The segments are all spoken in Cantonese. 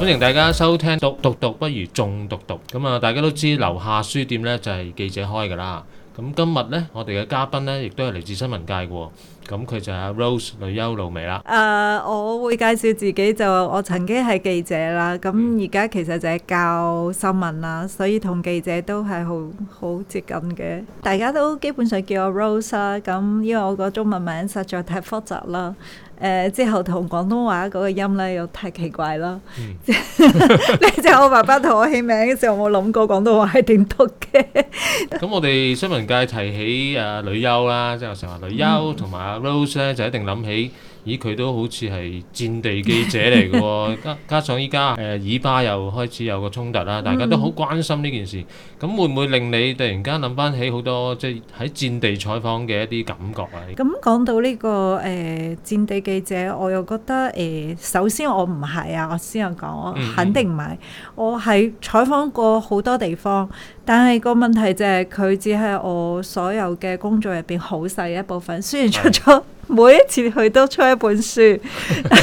歡迎大家收聽讀讀讀不如仲讀讀咁啊！大家都知留下書店呢就係記者開㗎啦。咁今日呢，我哋嘅嘉賓呢亦都係嚟自新聞界嘅。咁佢就係 Rose，閭丘露薇啦。誒，我會介紹自己就我曾經係記者啦。咁而家其實就係教新聞啦，所以同記者都係好好接近嘅。大家都基本上叫我 Rose 啦。咁因為我個中文名實在太複雜啦。誒，之後同廣東話嗰個音咧又太奇怪啦！你知我爸爸同我起名嘅時候，我有冇諗過廣東話係點讀嘅？咁我哋新聞界提起啊女優啦，即係成日話女優 同埋 Rose 咧，就一定諗起。咦，佢都好似係戰地記者嚟嘅、哦，加 加上依家誒，以巴又開始有個衝突啦、啊，大家都好關心呢件事。咁、嗯、會唔會令你突然間諗翻起好多即係喺戰地採訪嘅一啲感覺啊？咁講、嗯嗯、到呢、呢個誒、呃、戰地記者，我又覺得誒、呃，首先我唔係啊，我先講，我肯定唔係。我係採訪過好多地方，但係個問題就係、是、佢只係我所有嘅工作入邊好細一部分。雖然出咗、嗯。嗯每一次去都出一本書，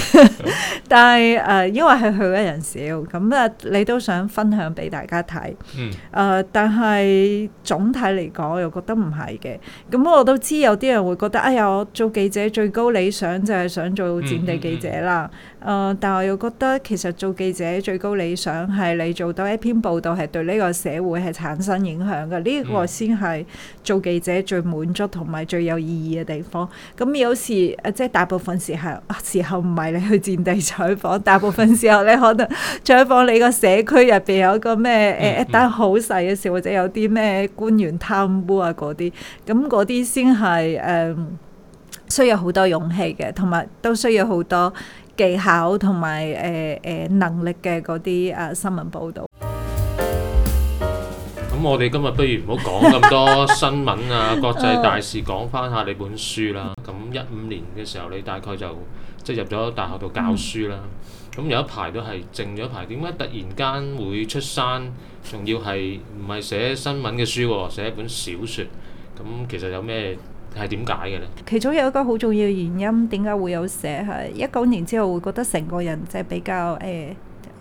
但係誒、呃，因為係去嘅人少，咁咧你都想分享俾大家睇，誒、呃，但係總體嚟講我又覺得唔係嘅，咁我都知有啲人會覺得，哎呀，我做記者最高理想就係想做戰地記者啦。嗯嗯嗯誒、嗯，但我又覺得其實做記者最高理想係你做到一篇報道係對呢個社會係產生影響嘅，呢、呢個先係做記者最滿足同埋最有意義嘅地方。咁有時即係大部分時候，啊、時候唔係你去戰地採訪，大部分時候你可能採訪你個社區入邊有個咩誒、呃嗯嗯、一單好細嘅事，或者有啲咩官員貪污啊嗰啲，咁嗰啲先係誒需要好多勇氣嘅，同埋都需要好多。技巧同埋誒誒能力嘅嗰啲啊新聞報導。咁我哋今日不如唔好講咁多新聞啊，國際大事講返下你本書啦。咁一五年嘅時候，你大概就即係入咗大學度教書啦。咁有一排都係靜咗一排，點解突然間會出山，仲要係唔係寫新聞嘅書，寫一本小説？咁其實有咩？係點解嘅咧？其中有一個好重要原因，點解會有寫係一九年之後會覺得成個人即係比較誒、呃、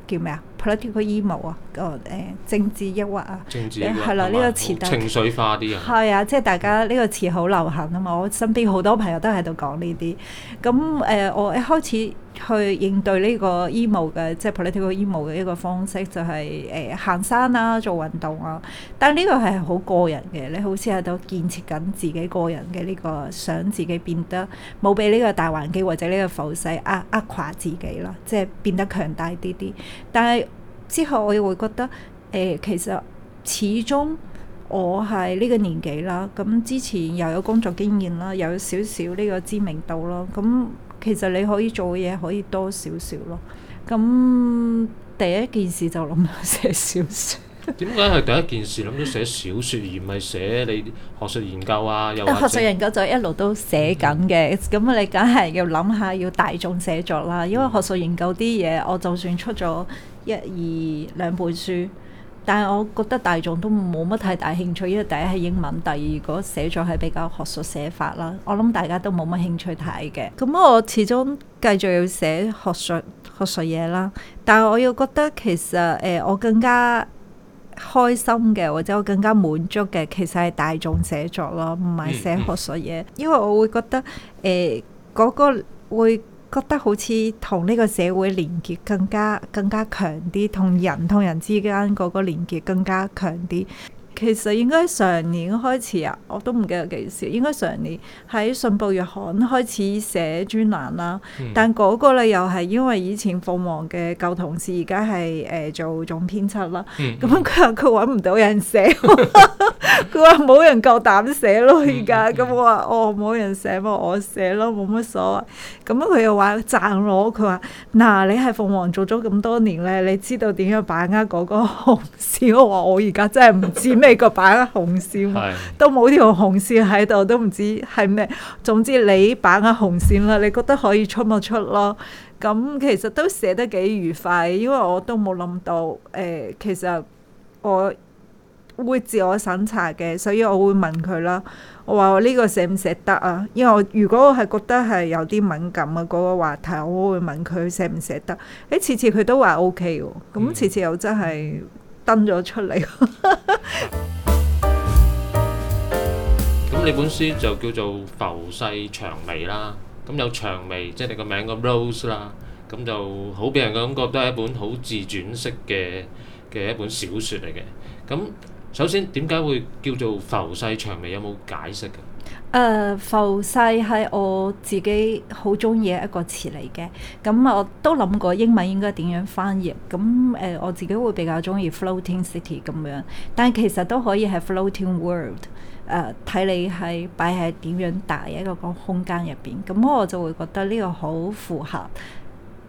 叫咩啊 political emo 啊、呃、個誒政治抑鬱啊，係、呃、啦，呢嗎個詞情緒化啲人係啊，即係、啊就是、大家呢個詞好流行啊嘛！我身邊好多朋友都喺度講呢啲，咁誒、呃、我一開始。去應對呢個 emo 嘅，即係 political emo 嘅一個方式，就係誒行山啦，做運動啊。但呢個係好個人嘅，你好似喺度建設緊自己個人嘅呢個，想自己變得冇俾呢個大環境或者呢個浮世壓壓垮自己咯，即係變得強大啲啲。但係之後我又會覺得誒，其實始終我係呢個年紀啦，咁之前又有工作經驗啦，又有少少呢個知名度咯，咁。其實你可以做嘅嘢可以多少少咯，咁第一件事就諗寫小說。點解係第一件事諗到寫小說，而唔係寫你學術研究啊？又學術研究就一路都寫緊嘅，咁你梗係要諗下要大眾寫作啦，因為學術研究啲嘢，我就算出咗一二兩本書。但係我覺得大眾都冇乜太大興趣，因為第一係英文，第二如果寫作係比較學術寫法啦，我諗大家都冇乜興趣睇嘅。咁我始終繼續要寫學術學術嘢啦，但係我又覺得其實誒、呃、我更加開心嘅，或者我更加滿足嘅，其實係大眾寫作咯，唔係寫學術嘢，因為我會覺得誒嗰、呃嗰個會。覺得好似同呢個社會連結更加更加強啲，同人同人之間嗰個連結更加強啲。其實應該上年開始啊，我都唔記得幾時。應該上年喺《信報》月刊開始寫專欄啦。但嗰個咧又係因為以前鳳凰嘅舊同事而家係誒做總編輯啦。咁、嗯嗯、樣，佢話佢搵唔到人寫，佢話冇人夠膽寫咯。而家咁我話哦冇人寫我寫咯，冇乜所謂。咁樣佢又話讚我。佢話嗱，你喺鳳凰做咗咁多年咧，你知道點樣把握嗰個紅市。我話我而家真係唔知 咩個擺，紅線都冇條紅線喺度，都唔知係咩。總之你擺個紅線啦，你覺得可以出咪出咯。咁其實都寫得幾愉快，因為我都冇諗到誒、呃，其實我會自我審查嘅，所以我會問佢啦。我話我呢個寫唔寫得啊？因為我如果我係覺得係有啲敏感嘅、嗰、那個話題，我會問佢寫唔寫得。誒、OK，次次佢都話 O K 喎，咁次次又真係。嗯登咗出嚟，咁你本書就叫做《浮世薔薇》啦。咁有薔薇」，即係你個名個 Rose 啦。咁就好俾人嘅感覺都係一本好自傳式嘅嘅一本小説嚟嘅。咁首先點解會叫做《浮世薔薇》？有冇解釋嘅？誒、浮世係我自己好中意一個詞嚟嘅，咁、嗯、我都諗過英文應該點樣翻譯，咁、嗯、誒、呃、我自己會比較中意 floating city 咁樣，但係其實都可以係 floating world，誒、呃、睇你係擺喺點樣大一個個空間入邊，咁、嗯、我就會覺得呢個好符合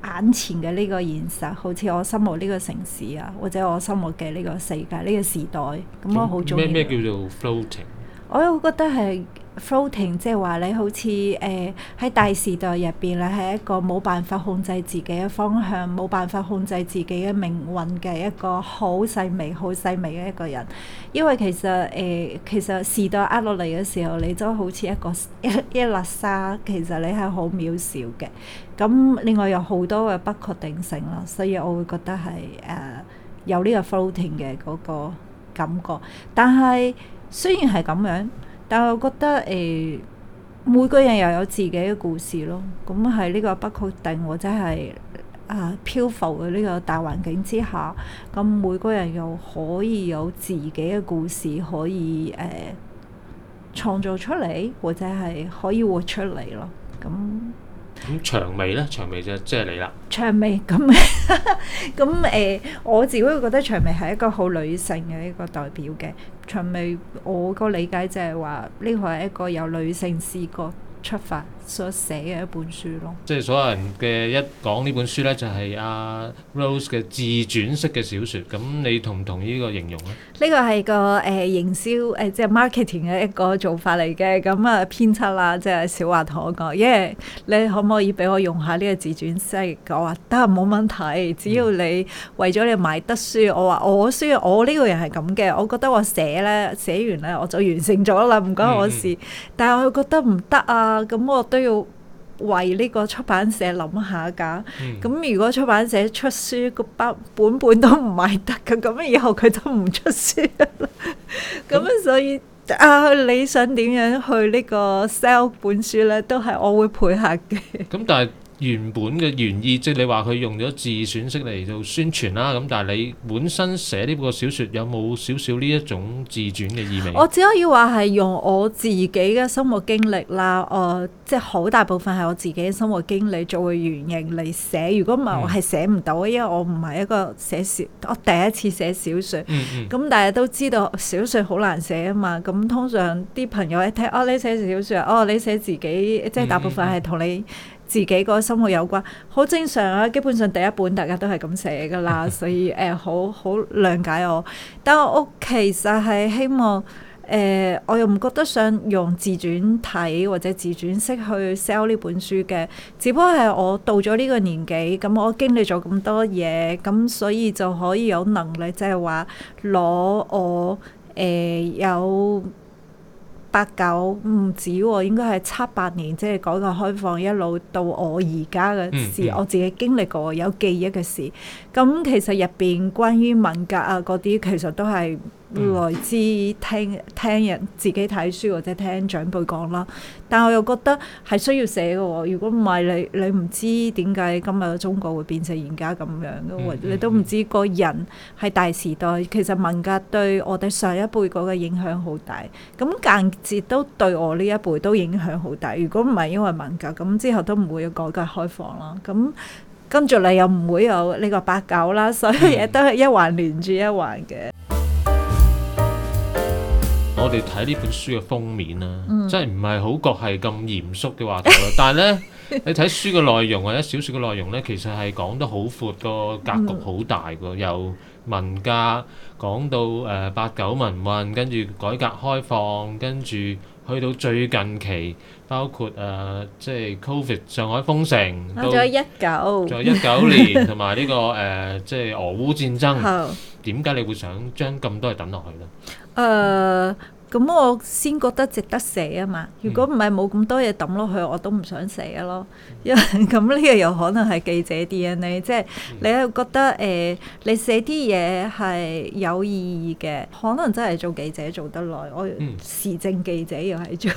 眼前嘅呢個現實，好似我心目呢個城市啊，或者我心目嘅呢個世界呢、呢個時代，咁、嗯嗯嗯、我好中意。咩叫做 floating？我都覺得係 floating，即係話你好似誒喺大時代入邊，你係一個冇辦法控制自己嘅方向，冇辦法控制自己嘅命運嘅一個好細微、好細微嘅一個人。因為其實誒、呃，其實時代壓落嚟嘅時候，你都好似一個一一粒沙，其實你係好渺小嘅。咁另外有好多嘅不確定性啦，所以我會覺得係誒、呃、有呢個 floating 嘅嗰個感覺，但係。雖然係咁樣，但係我覺得誒、欸，每個人又有自己嘅故事咯。咁喺呢個不確定或者係啊漂浮嘅呢個大環境之下，咁、嗯、每個人又可以有自己嘅故事可以誒、欸、創造出嚟，或者係可以活出嚟咯。咁、嗯。咁薔薇咧，薔薇即即係你啦。薔薇咁咁誒，我自己會覺得薔薇係一個好女性嘅一個代表嘅。薔薇我個理解就係話，呢個係一個由女性視角出發，所寫嘅一本書咯，即係所有人嘅一講呢本書咧，就係、是、阿 Rose 嘅自傳式嘅小説。咁你同唔同意呢個形容咧？呢個係個誒營銷誒、呃，即係 marketing 嘅一個做法嚟嘅。咁啊編輯啦，即係小華同我講，因、yeah, 為你可唔可以俾我用下呢個自傳式？我話得，冇問題，只要你為咗你買得書，嗯、我話我需要我呢個人係咁嘅，我覺得我寫咧寫完咧我就完成咗啦，唔關我事。嗯、但係我覺得唔得啊，咁我。都要為呢個出版社諗下噶咁、嗯、如果出版社出書嗰筆本本都唔賣得嘅，咁啊以後佢都唔出書啦。咁、嗯、 所以啊，你想點樣去呢個 sell 本書呢？都係我會配合嘅。咁、嗯、但係。原本嘅原意，即係你話佢用咗自選式嚟做宣傳啦。咁但係你本身寫呢個小説有冇少少呢一種自傳嘅意味？我只可以話係用我自己嘅生活經歷啦。哦，即係好大部分係我自己嘅生活經歷做嘅原型嚟寫。如果唔係，我係寫唔到，嗯、因為我唔係一個寫小，我第一次寫小説。嗯咁、嗯、大家都知道小説好難寫啊嘛。咁通常啲朋友一睇，哦，你寫小説啊，哦，你寫自己，即係大部分係同你，嗯嗯嗯自己個生活有關，好正常啊！基本上第一本大家都係咁寫噶啦，所以誒、呃、好好諒解我。但係我其實係希望誒、呃，我又唔覺得想用自傳體或者自傳式去 sell 呢本書嘅，只不過係我到咗呢個年紀，咁我經歷咗咁多嘢，咁所以就可以有能力即係話攞我誒、呃、有。八九唔止喎、哦，應該係七八年，即係改革開放一路到我而家嘅事，嗯、我自己經歷過，有記憶嘅事。咁其實入邊關於文革啊嗰啲，其實都係，來自聽聽人自己睇書或者聽長輩講啦，但我又覺得係需要寫嘅。如果唔係你你唔知點解今日中國會變成而家咁樣嘅，嗯、你都唔知個人喺大時代，嗯、其實文革對我哋上一輩嗰個影響好大。咁間接都對我呢一輩都影響好大。如果唔係因為文革，咁之後都唔會有改革開放啦。咁跟住你又唔會有呢個八九啦，所有嘢都係一環連住一環嘅。我哋睇呢本書嘅封面啦，即係唔係好覺係咁嚴肅嘅話題咯。但係咧，你睇書嘅內容或者小説嘅內容咧，其實係講得好闊，個格局好大嘅，由文革講到誒八九民運，跟住改革開放，跟住去到最近期，包括誒即係 Covid 上海封城，到一九，仲有一九年，同埋呢個誒即係俄烏戰爭。點解你會想將咁多嘢等落去咧？誒。咁我先覺得值得寫啊嘛！如果唔係冇咁多嘢抌落去，我都唔想寫咯。因為咁呢個又可能係記者 DNA，即係你係覺得誒，你寫啲嘢係有意義嘅，可能真係做記者做得耐，我時政記者又係做。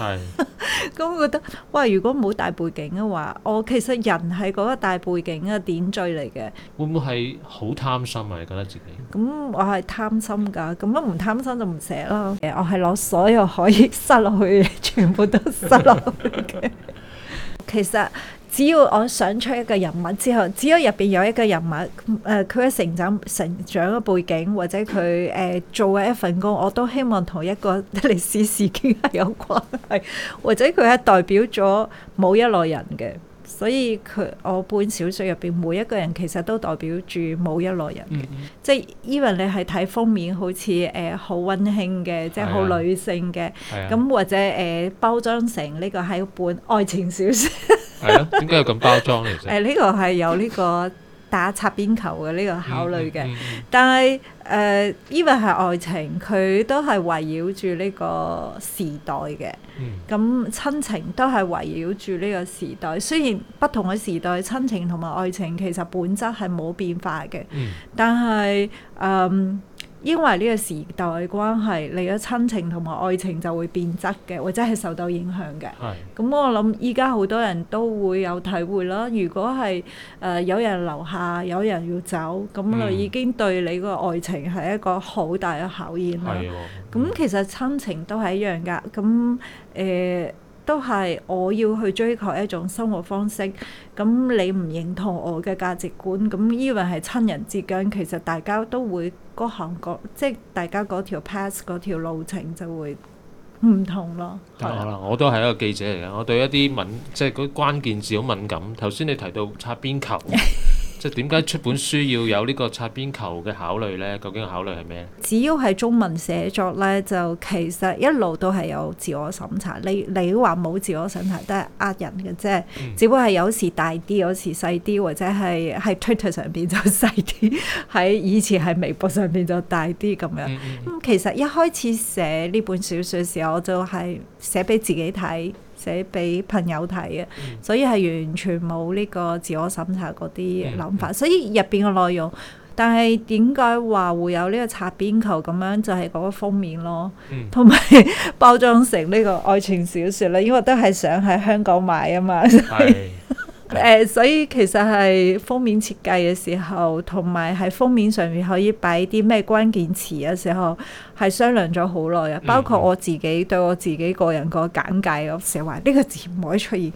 咁我覺得，哇！如果冇大背景嘅話，我其實人係嗰個大背景嘅點綴嚟嘅。會唔會係好貪心啊？你覺得自己？咁我係貪心㗎，咁樣唔貪心就唔寫咯。誒，我係攞。所有可以塞落去嘅，全部都塞落去嘅。 其實只要我想出一個人物之後，只要入邊有一個人物，誒佢嘅成長、成長嘅背景，或者佢誒、呃、做嘅一份工，我都希望同一個歷史事件係有關係，或者佢係代表咗某一類人嘅。所以佢我本小説入邊每一個人其實都代表住某一類人嘅、嗯嗯呃，即係因為你係睇封面好似誒好温馨嘅，即係好女性嘅，咁是、啊嗯、或者誒、呃、包裝成呢個係一本愛情小説。係啊？點解要咁包裝嚟？誒呢、 呃呢個係有呢、呢個。 打擦邊球嘅呢、這個考慮嘅，嗯嗯、但係誒，依個係愛情，佢都係圍繞住呢個時代嘅。咁、嗯嗯、親情都係圍繞住呢個時代，雖然不同嘅時代，親情同埋愛情其實本質係冇變化嘅，嗯、但係誒。呃因為呢個時代嘅關係，你嘅親情同埋愛情就會變質嘅，或者係受到影響嘅。係。咁我諗依家好多人都會有體會啦。如果係誒、呃、有人留下，有人要走，咁你已經對你個愛情係一個好大嘅考驗啦。係。咁其實親情都係一樣㗎。咁誒。呃都係我要去追求一種生活方式，咁你唔認同我嘅價值觀，咁以為係親人之間，其實大家都會各行各即係大家嗰條 path 嗰條路程就會唔同咯。係啊然，是我都係一個記者嚟嘅，我對一啲敏即係嗰關鍵字好敏感。頭先你提到擦邊球。 即係點解出本書要有呢個擦邊球嘅考慮呢？究竟考慮係咩？只要係中文寫作呢，就其實一路都係有自我審查。你你話冇自我審查都係呃人嘅啫。嗯、只不過係有時大啲，有時細啲，或者係喺 Twitter 上邊就細啲，喺 以前喺微博上邊就大啲咁樣。咁、嗯嗯、其實一開始寫呢本小說嘅時候，我就係寫俾自己睇。寫俾朋友睇嘅，嗯、所以係完全冇呢個自我審查嗰啲諗法，嗯、所以入邊嘅內容。但係點解話會有呢個擦邊球咁樣？就係、是、嗰個封面咯，同埋、嗯、包裝成呢個愛情小說咧，因為都係想喺香港賣啊嘛。誒、呃，所以其實係封面設計嘅時候，同埋喺封面上面可以擺啲咩關鍵詞嘅時候，係商量咗好耐嘅。包括我自己、嗯、對我自己個人個簡介，我寫話呢個字唔可以出現，呢、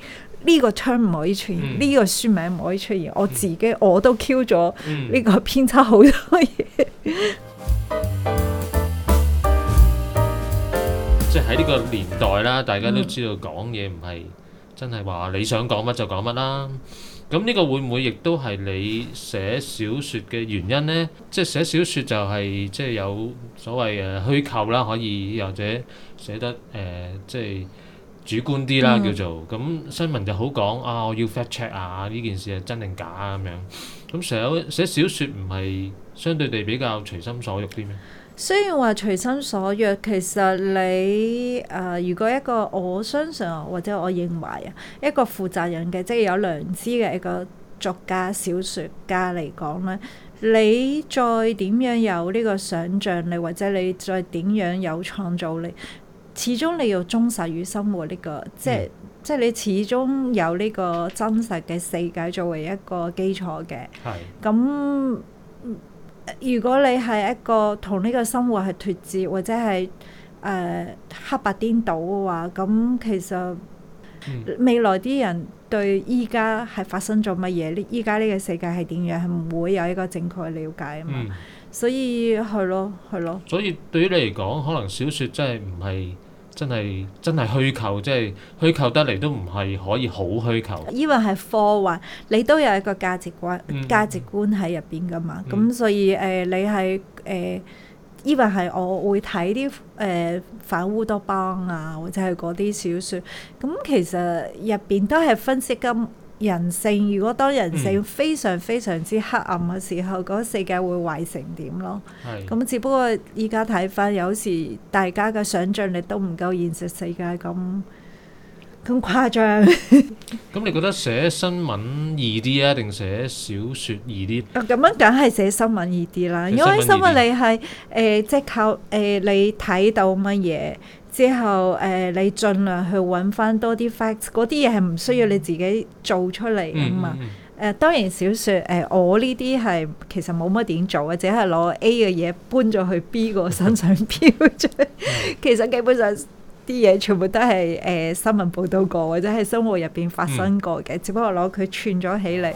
呢個窗唔可以出現，呢、嗯、個書名唔可以出現。我自己我都 Q 咗呢個編輯好多嘢。嗯嗯、 即係喺呢個年代啦，大家都知道講嘢唔係，真係話你想講乜就講乜啦。咁呢個會唔會亦都係你寫小説嘅原因呢？即係寫小説就係、是、即係有所謂誒、呃、虛構啦，可以或者寫得誒、呃、即係主觀啲啦，嗯、叫做咁新聞就好講啊。我要 fact check 啊，呢件事係真定假咁、啊、樣。咁寫寫小説唔係相對地比較隨心所欲啲咩？雖然話隨心所欲，其實你誒、呃，如果一個我相信或者我認為啊，一個負責任嘅即係有良知嘅一個作家、小説家嚟講咧，你再點樣有呢個想像力，或者你再點樣有創造力，始終你要忠實於生活呢個，即係、mm. 即係你始終有呢個真實嘅世界作為一個基礎嘅。咁、mm.。如果你係一個同呢個生活係脱節，或者係誒、呃、黑白顛倒嘅話，咁其實未來啲人對依家係發生咗乜嘢，呢依家呢個世界係點樣，係唔會有一個正確嘅了解啊嘛。嗯、所以係咯，係咯。所以對於你嚟講，可能小説真係唔係。真係真係虛構，即係虛構得嚟都唔係可以好虛構。依個係科幻，你都有一個價值觀、嗯、價值觀喺入邊㗎嘛？咁、嗯、所以誒、呃，你係誒，依個係我會睇啲誒反烏托邦啊，或者係嗰啲小説。咁其實入邊都係分析金人性，如果當人性非常非常之黑暗嘅時候，嗯、個世界會壞成點咯？咁是的 只不過依家睇翻，有時大家嘅想象力都唔夠現實世界咁咁誇張。咁、嗯、 你覺得寫新聞易啲啊，定寫小說易啲？啊、咁樣梗係寫新聞易啲啦，因為新聞、呃呃、你係誒即係靠誒你睇到乜嘢。之後，誒、呃、你盡量去揾翻多啲 facts，嗰啲嘢係唔需要你自己做出嚟噶嘛。誒、嗯嗯嗯呃、當然小說，小説誒我呢啲係其實冇乜點做，或者係攞 A 嘅嘢搬咗去 B 個身上編出，嗯、其實基本上啲嘢全部都係誒、呃、新聞報道過，或者係生活入邊發生過嘅，嗯、只不過攞佢串咗起嚟。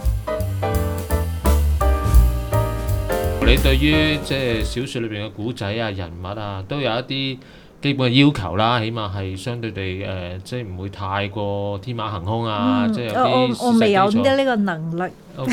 你對於即係、就是、小説裏邊嘅故仔啊，人物啊，都有一啲基本嘅要求啦，起碼係相對地誒、呃，即係唔會太過天馬行空啊，嗯、即係有啲事實基礎。我我未有呢個能力。OK，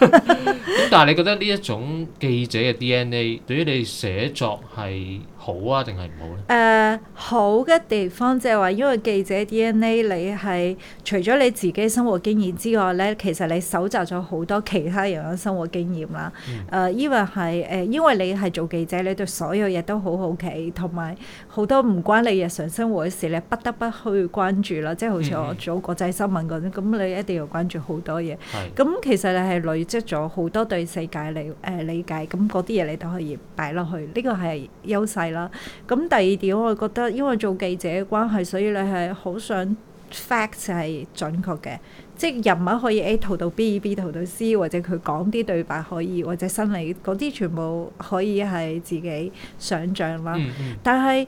咁但係你覺得呢一種記者嘅 DNA 對於你寫作係。好啊，定係唔好咧？誒，uh, 好嘅地方就係話，因為記者 DNA，你係除咗你自己生活經驗之外咧，其實你搜集咗好多其他人嘅生活經驗啦。誒，依個係誒，因為你係做記者，你對所有嘢都好好奇，同埋好多唔關你日常生活嘅事，你不得不去關注啦。即係好似我做國際新聞嗰啲，咁、mm. 你一定要關注好多嘢。咁、mm. 其實你係累積咗好多對世界理誒、呃、理解，咁嗰啲嘢你都可以擺落去。呢個係優勢。啦，咁第二點，我覺得因為做記者嘅關係，所以你係好想 fact 係準確嘅，即人物可以 A 圖到 B，B 圖到 C，或者佢講啲對白可以，或者心理嗰啲全部可以係自己想像啦。嗯嗯，但係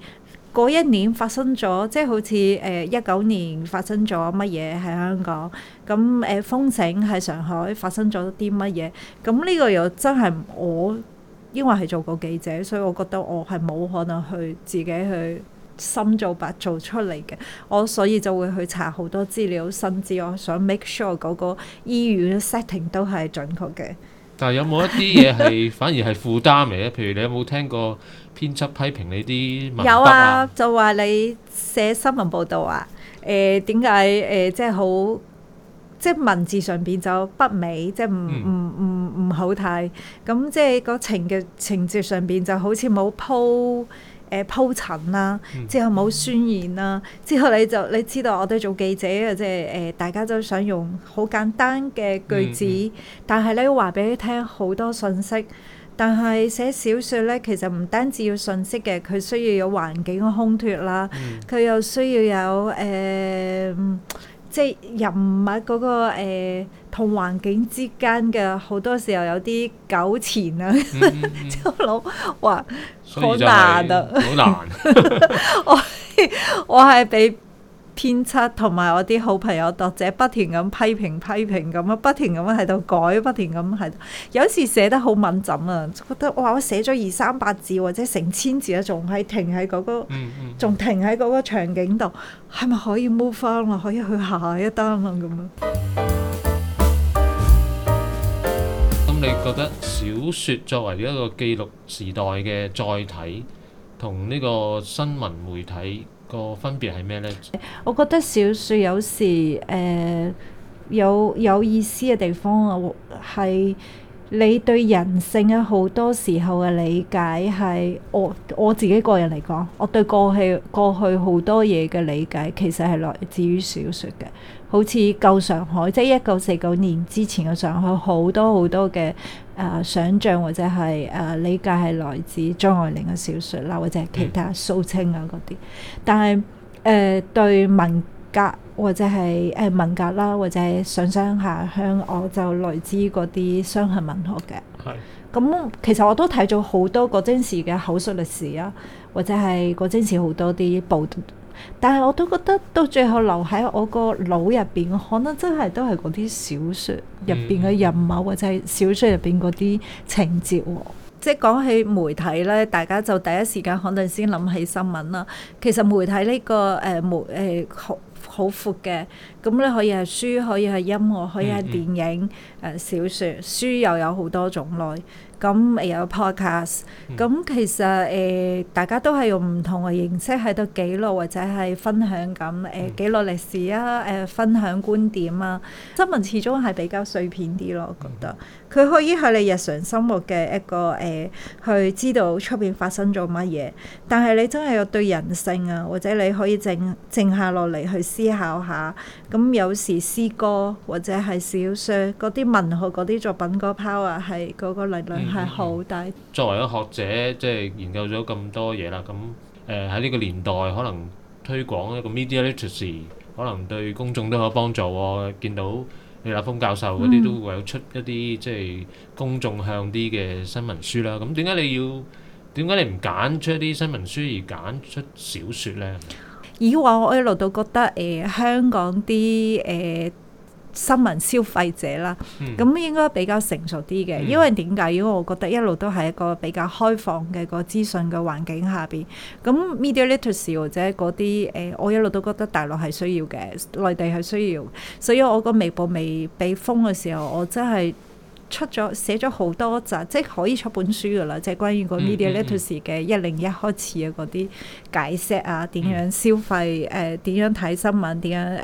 嗰一年發生咗，即係好似誒一九年發生咗乜嘢喺香港，咁誒、呃、風景喺上海發生咗啲乜嘢，咁呢個又真係我。因為係做過記者，所以我覺得我係冇可能去自己去深做白做出嚟嘅，我所以就會去查好多資料，甚至我想 make sure 嗰個醫院 setting 都係準確嘅。但係有冇一啲嘢係反而係負擔嚟嘅？譬如你有冇聽過編輯批評你啲？有啊，就話你寫新聞報道啊？誒、呃，點解誒，即係好？即係文字上邊就不美，即係唔唔唔唔好睇。咁、嗯嗯、即係個情嘅情節上邊就好似冇鋪誒、呃、鋪陳啦、啊，嗯、之後冇渲染啦、啊。之後你就你知道，我哋做記者嘅即係誒、呃，大家都想用好簡單嘅句子，嗯嗯、但係咧話俾你聽好多信息。但係寫小說咧，其實唔單止要信息嘅，佢需要有環境嘅烘托啦，佢又需要有誒。呃即係人物嗰、嗰個同、呃、環境之間嘅好多時候有啲糾纏啊！周老話好難啊、啊， 我我係俾編輯同埋我啲好朋友作者不斷咁批評批評咁啊，不斷咁喺度改，不斷咁喺度。有時寫得好敏感啊，覺得哇！我寫咗二三百字或者成千字啊，仲係停喺嗰個，仲停喺嗰個場景度，係咪可以 move on 可以去下一單啦咁啊。咁你覺得小説作為呢一個記錄時代嘅載體，同呢個新聞媒體，個分別係咩呢？我覺得小説有時誒、呃、有有意思嘅地方啊，係你對人性嘅好多時候嘅理解，係我我自己個人嚟講，我對過去過去好多嘢嘅理解其實係來自於小説嘅，好似舊上海，即係一九四九年之前嘅上海很多很多，好多好多嘅。誒、呃、想像或者係誒、呃、理解係來自張愛玲嘅小説啦，或者係其他蘇清啊嗰啲。嗯、但係誒、呃、對文革或者係誒、呃、文革啦，或者想想下向我就來自嗰啲傷痕文學嘅。係是。咁、嗯、其實我都睇咗好多個陣時嘅口述歷史啊，或者係個陣時好多啲報。但係我都覺得到最後留喺我個腦入邊，可能真係都係嗰啲小説入邊嘅人物，或者係小説入邊嗰啲情節喎。嗯、即係講起媒體咧，大家就第一時間可能先諗起新聞啦。其實媒體呢、呢個誒、呃、媒誒、呃、好好闊嘅，咁咧可以係書，可以係音樂，可以係電影，誒、嗯嗯呃、小説，書又有好多種類。咁誒有 podcast，咁其實誒、呃、大家都係用唔同嘅形式喺度記錄或者係分享緊誒、呃、記錄歷史啊誒、呃、分享觀點啊，新聞始終係比較碎片啲咯我覺得佢可以係你日常生活嘅一個誒、呃、去知道出邊發生咗乜嘢，但係你真係要對人性啊，或者你可以靜靜下落嚟去思考下，咁、嗯、有時詩歌或者係小說啲文學嗰啲作品嗰個 power 係嗰個力量，係好大。作為一個學者，即係研究咗咁多嘢啦，咁誒喺呢個年代，可能推廣一個 media literacy，可能對公眾都可以幫助喎。見到李立峯教授嗰啲都會有出一啲即係公眾向啲嘅新聞書啦。咁點解你要點解你唔揀出一啲新聞書而揀出小説呢？而我一路都覺得誒香港啲誒。新聞消費者啦，咁應該比較成熟啲嘅，因為點解？因為我覺得一路都係一個比較開放嘅個資訊嘅環境下邊，咁 media literacy 或者嗰啲誒，我一路都覺得大陸係需要嘅，內地係需要，所以我個微博未被封嘅時候，我真係。出咗寫咗好多集，即係可以出本書㗎啦，即係關於個 media literacy 嘅一零一開始嘅嗰啲解釋啊，點樣消費誒，點、嗯呃、樣睇新聞，點樣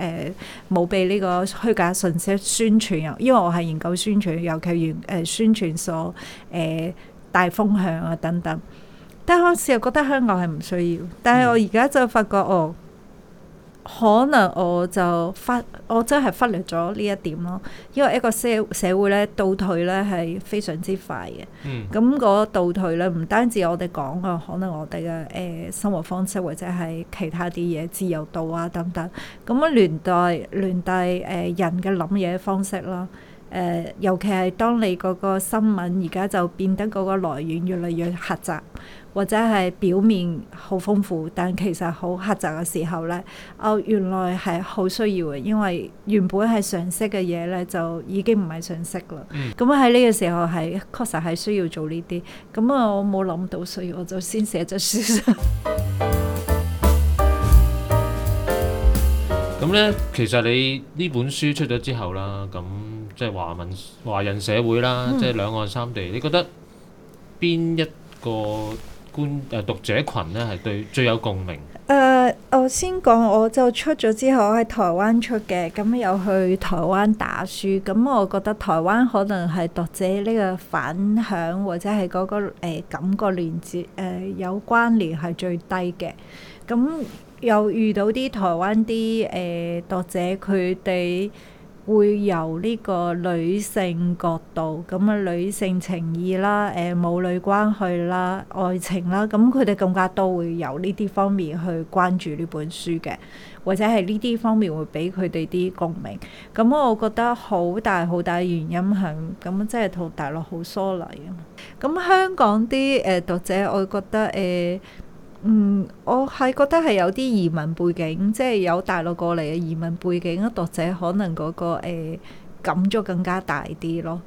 誒冇、呃、俾呢個虛假信息宣傳，因為我係研究宣傳，尤其係誒宣傳所誒、呃、大風向啊等等，但係開始又覺得香港係唔需要，但係我而家就發覺哦。可能我就忽，我真係忽略咗呢一點咯。因為一個社社會咧倒退咧係非常之快嘅。嗯，咁嗰個倒退咧唔單止我哋講啊，可能我哋嘅誒生活方式或者係其他啲嘢自由度啊等等，咁啊連帶連帶誒、呃、人嘅諗嘢方式咯。誒、呃，尤其係當你嗰個新聞而家就變得嗰個來源越嚟越狹窄，或者係表面好豐富，但其實好狹窄嘅時候呢，哦，原來係好需要嘅，因為原本係常識嘅嘢呢，就已經唔係常識啦。咁喺呢個時候係確實係需要做呢啲。咁啊我冇諗到，所以我就先寫咗書，嗯。咁 呢，其實你呢本書出咗之後啦，咁即係華文、華人社會啦，即係兩岸三地，嗯、你覺得邊一個？觀誒讀者群咧係對最有共鳴。誒、呃，我先講，我就出咗之後，我喺台灣出嘅，咁又去台灣打書，咁我覺得台灣可能係讀者呢個反響或者係嗰、嗰個、呃、感覺連結誒、呃、有關聯係最低嘅。咁又遇到啲台灣啲誒、呃、讀者，佢哋。會由呢個女性角度咁啊、嗯，女性情意啦，誒母女關係啦，愛情啦，咁佢哋更加都會由呢啲方面去關注呢本書嘅，或者係呢啲方面會俾佢哋啲共鳴。咁、嗯、我覺得好大好大原因係咁，即係同大陸好疏離啊。咁、嗯、香港啲誒、呃、讀者，我覺得誒。呃嗯，我係覺得係有啲移民背景，即係有大陸過嚟嘅移民背景嘅讀者，可能嗰、那個誒、欸、感觸更加大啲咯。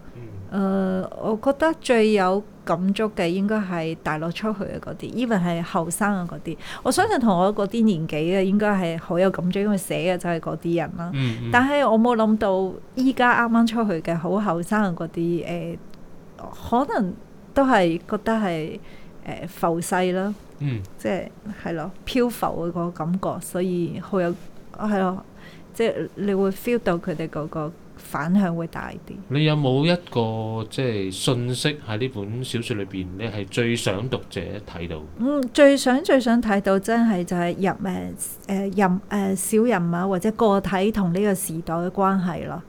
誒、呃，我覺得最有感觸嘅應該係大陸出去嘅嗰啲，even 係後生嘅嗰啲。我相信同我嗰啲年紀嘅，應該係好有感觸，因為寫嘅就係嗰啲人啦。嗯嗯。但係我冇諗到，依家啱啱出去嘅好後生嘅嗰啲，誒、欸，可能都係覺得係誒、呃、浮世啦。嗯，即係係咯，漂浮嗰個感覺，所以好有係咯，即係你會 feel 到佢哋嗰個反響會大啲。你有冇一個即係信息喺呢本小說裏邊，你係最想讀者睇到？嗯，最想最想睇到真係就係，真係就係人誒誒人誒小人物或者個體同呢個時代嘅關係咯。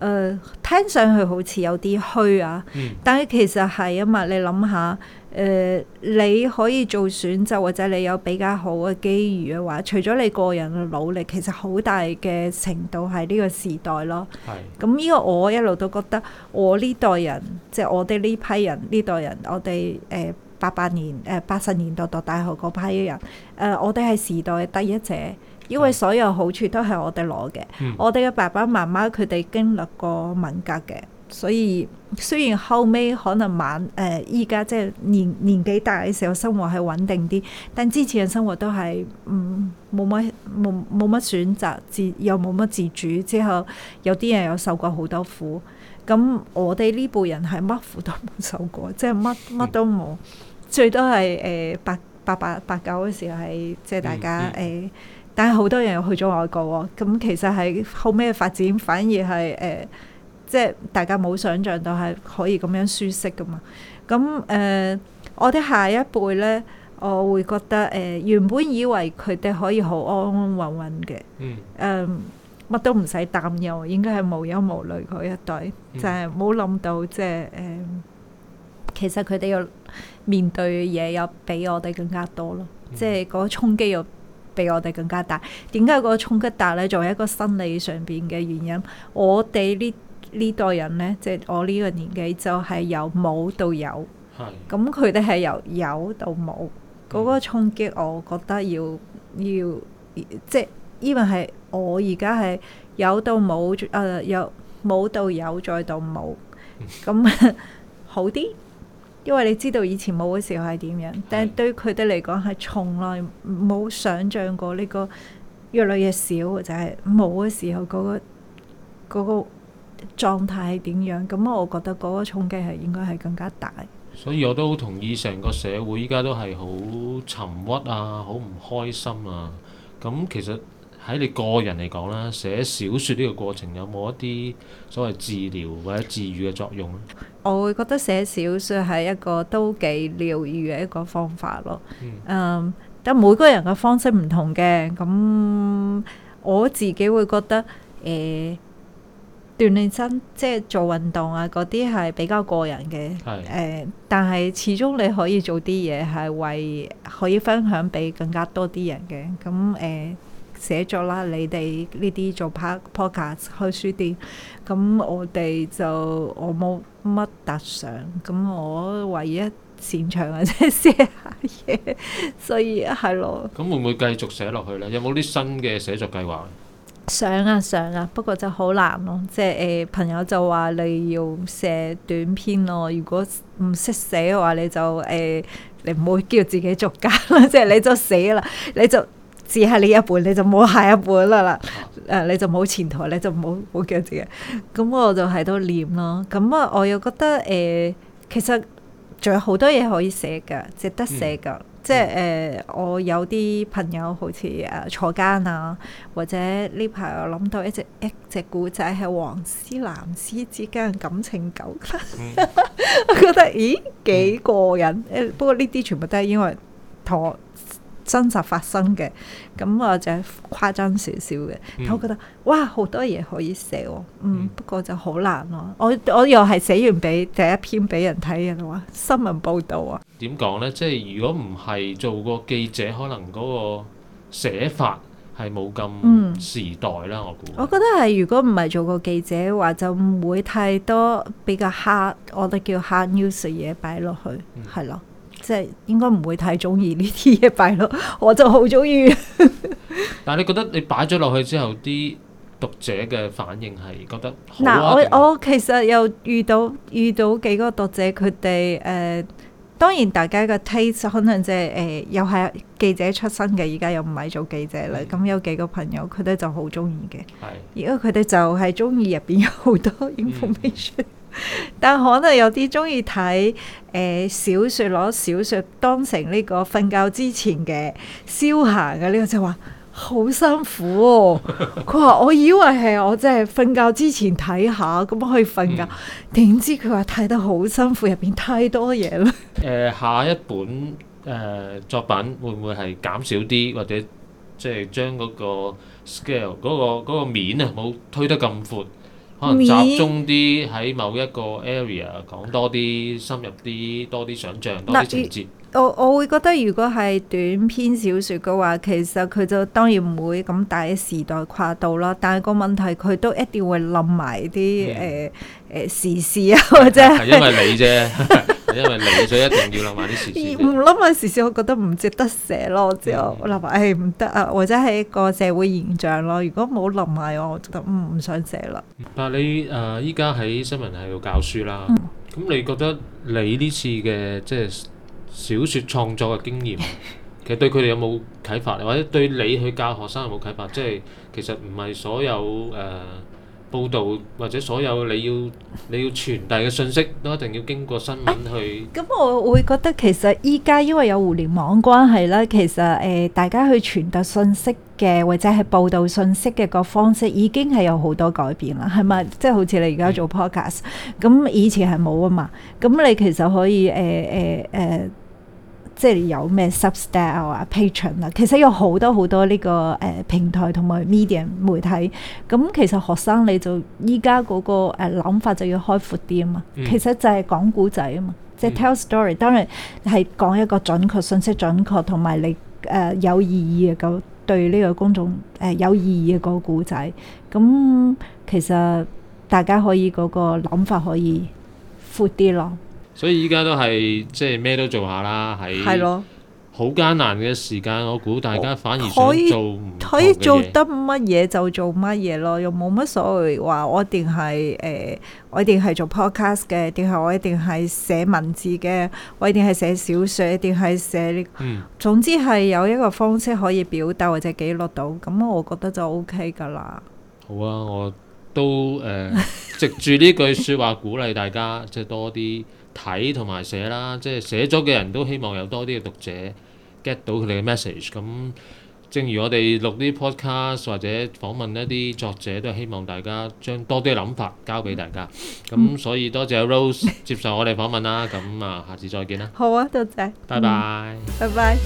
誒、uh, 聽上去好似有啲虛啊，mm. 但係其實係啊嘛，你諗下誒，你可以做選擇或者你有比較好嘅機遇嘅話，除咗你個人嘅努力，其實好大嘅程度係呢個時代咯。係、mm. 嗯，咁呢個我一路都覺得我呢代人，即、就、係、是、我哋呢批人呢代人，我哋誒八八年誒八十年代讀大學嗰批人，誒、uh, 我哋係時代嘅第一者。因為所有好處都係我哋攞嘅，嗯、我哋嘅爸爸媽媽佢哋經歷過文革嘅，所以雖然後尾可能晚，誒、呃，依家即係年年紀大嘅時候生活係穩定啲，但之前嘅生活都係唔冇乜冇冇乜選擇，自又冇乜自主。之後有啲人有受過好多苦，咁我哋呢輩人係乜苦都冇受過，即係乜乜都冇，嗯、最多係誒、呃、八八八八九嘅時候係即係大家誒。嗯嗯但係好多人又去咗外國喎、哦，咁、嗯、其實係後尾嘅發展反而係誒、呃，即係大家冇想象到係可以咁樣舒適噶嘛。咁、嗯、誒、呃，我哋下一輩呢，我會覺得誒、呃，原本以為佢哋可以好安安穩穩嘅，誒、嗯，乜、嗯、都唔使擔憂，應該係無憂無慮嗰一代，嗯、就係冇諗到即係誒、嗯，其實佢哋要面對嘅嘢，又比我哋更加多咯，嗯、即係嗰個衝擊又比我哋更加大，點解個衝擊大呢？作為一個生理上邊嘅原因。我哋呢呢代人呢，即、就、係、是、我呢個年紀，就係由冇到有，咁佢哋係由有到冇。嗰、嗯、個衝擊，我覺得要要，即係因為係我而家係有到冇，誒、呃、有冇到有再到冇，咁、嗯、 好啲。因為你知道以前冇嘅時候係點樣，但係對佢哋嚟講係從來冇想像過呢個越嚟越少或者係冇嘅時候嗰個嗰個狀態係點樣，咁我覺得嗰個衝擊係應該係更加大。所以我都好同意成個社會依家都係好沉鬱啊，好唔開心啊，咁其實。喺你個人嚟講啦，寫小説呢個過程有冇一啲所謂治療或者治癒嘅作用咧？我會覺得寫小説係一個都幾療癒嘅一個方法咯。嗯，咁、um, 每個人嘅方式唔同嘅，咁、嗯、我自己會覺得，誒、呃，鍛鍊身即係做運動啊嗰啲係比較個人嘅。係誒是、呃，但係始終你可以做啲嘢係為可以分享俾更加多啲人嘅。咁、嗯、誒。呃寫作啦，你哋呢啲做 podcast 開書店，咁我哋就我冇乜特長。咁我唯一擅長嘅即係寫下嘢，所以係咯。咁會唔會繼續寫落去咧？有冇啲新嘅寫作計劃？想啊，想啊，不過就好難咯、啊。即係誒，朋友就話你要寫短篇咯、啊。如果唔識寫嘅話，你就誒、呃，你唔好叫自己作家啦。即、就、係、是、你就寫啦，你就。試下呢一本，你就冇下一本啦，誒、啊啊，你就冇前途，你就冇冇嘅字嘅。咁我就喺度念咯。咁啊，我又覺得誒、呃，其實仲有好多嘢可以寫噶，值得寫噶。嗯、即係誒、呃，我有啲朋友好似誒、啊、坐監啊，或者呢排我諗到一隻一隻古仔係黃絲藍絲之間感情糾葛，嗯、 我覺得咦幾過癮。誒、嗯，不過呢啲全部都係因為坐。真實發生嘅，咁啊就誇張少少嘅，嗯、我覺得哇好多嘢可以寫，啊，嗯，嗯，不過就好難咯、啊。我我又係寫完俾第一篇俾人睇，嘅話新聞報道啊。點講呢？即係如果唔係做過記者，可能嗰個寫法係冇咁時代啦、啊。嗯、我估。我覺得係如果唔係做過記者話，話就唔會太多比較 hard，我哋叫 hard news 嘢擺落去，係咯、嗯。即係應該唔會太中意呢啲嘢擺咯，我就好中意。但係你覺得你擺咗落去之後，啲讀者嘅反應係覺得、啊。嗱，我我其實又遇到遇到幾個讀者，佢哋誒，當然大家嘅 taste 可能即係誒，又係記者出身嘅，而家又唔係做記者啦。咁是的 有幾個朋友，佢哋就好中意嘅。係，因為佢哋就係中意入邊有好多 information 的。 但可能有啲中意睇誒小說，攞小，小說當成呢個瞓覺之前嘅消閒嘅呢個就話好辛苦，哦。佢話 我以為係我即係瞓覺之前睇下，咁可以瞓覺。點、嗯、知佢話睇得好辛苦，入邊太多嘢啦。誒、呃，下一本誒、呃、作品會唔會係減少啲，或者即係將嗰個 scale 嗰、嗰個、嗰個面啊，冇推得咁闊？可能集中啲喺某一個 area，講多啲，深入啲，多啲想像，多啲情節。我我會覺得如果係短篇小說嘅話，其實佢就當然唔會咁大嘅時代跨度啦。但係個問題，佢都一定會冧埋啲誒誒時事啊，或者係因為你啫，係 因為你所以一定要冧埋啲時事啊。唔冧埋時事，我覺得唔值得寫咯。之後冧埋係唔得啊，或者係一個社會現象咯。如果冇冧埋，我覺得嗯唔想寫啦。但係你誒依家喺新聞系度教書啦，咁你覺得你呢次嘅即係？Hmm. 嗯小說創作嘅經驗，其實對佢哋有冇啟發，或者對你去教學生有冇啟發？即係其實唔係所有誒、呃、報導或者所有你要你要傳遞嘅信息都一定要經過新聞去。咁、啊、我會覺得其實依家因為有互聯網關係啦，其實誒、呃、大家去傳達信息嘅或者係報導信息嘅個方式已經係有好多改變啦，係咪？即、就、係、是、好似你而家做 podcast，咁、嗯、以前係冇啊嘛。咁你其實可以誒誒誒。呃呃呃呃即係有咩 substyle 啊 Patreon 啊，其實有好多好多呢、這個誒、呃、平台同埋 media 媒體。咁、嗯、其實學生你就依家嗰個誒諗、呃、法就要開闊啲啊嘛。嗯、其實就係講故仔啊嘛，即係 tell story。嗯、當然係講一個準確信息準確，同埋你誒、呃、有意義嘅個對呢個公眾誒、呃、有意義嘅個故仔。咁、嗯、其實大家可以嗰個諗法可以闊啲咯。所以依家都係即係咩都做下啦，喺係囉，好艱難嘅時間，我估大家反而可以做，可以做得乜嘢就做乜嘢咯，又冇乜所謂話我定係誒、呃，我一定係做 podcast 嘅，定係我一定係寫文字嘅，我一定係寫小說，定係寫，嗯、總之係有一個方式可以表達或者記錄到，咁我覺得就 OK 噶啦。好啊，我都誒，藉住呢句說話鼓勵大家，即係 多啲。睇同埋寫啦，即係寫咗嘅人都希望有多啲嘅讀者 get 到佢哋嘅 message。咁正如我哋錄啲 podcast 或者訪問一啲作者，都係希望大家將多啲諗法交俾大家。咁所以多謝 Rose 接受我哋訪問啦。咁啊，下次再見啦。好啊，多謝。拜拜。拜拜。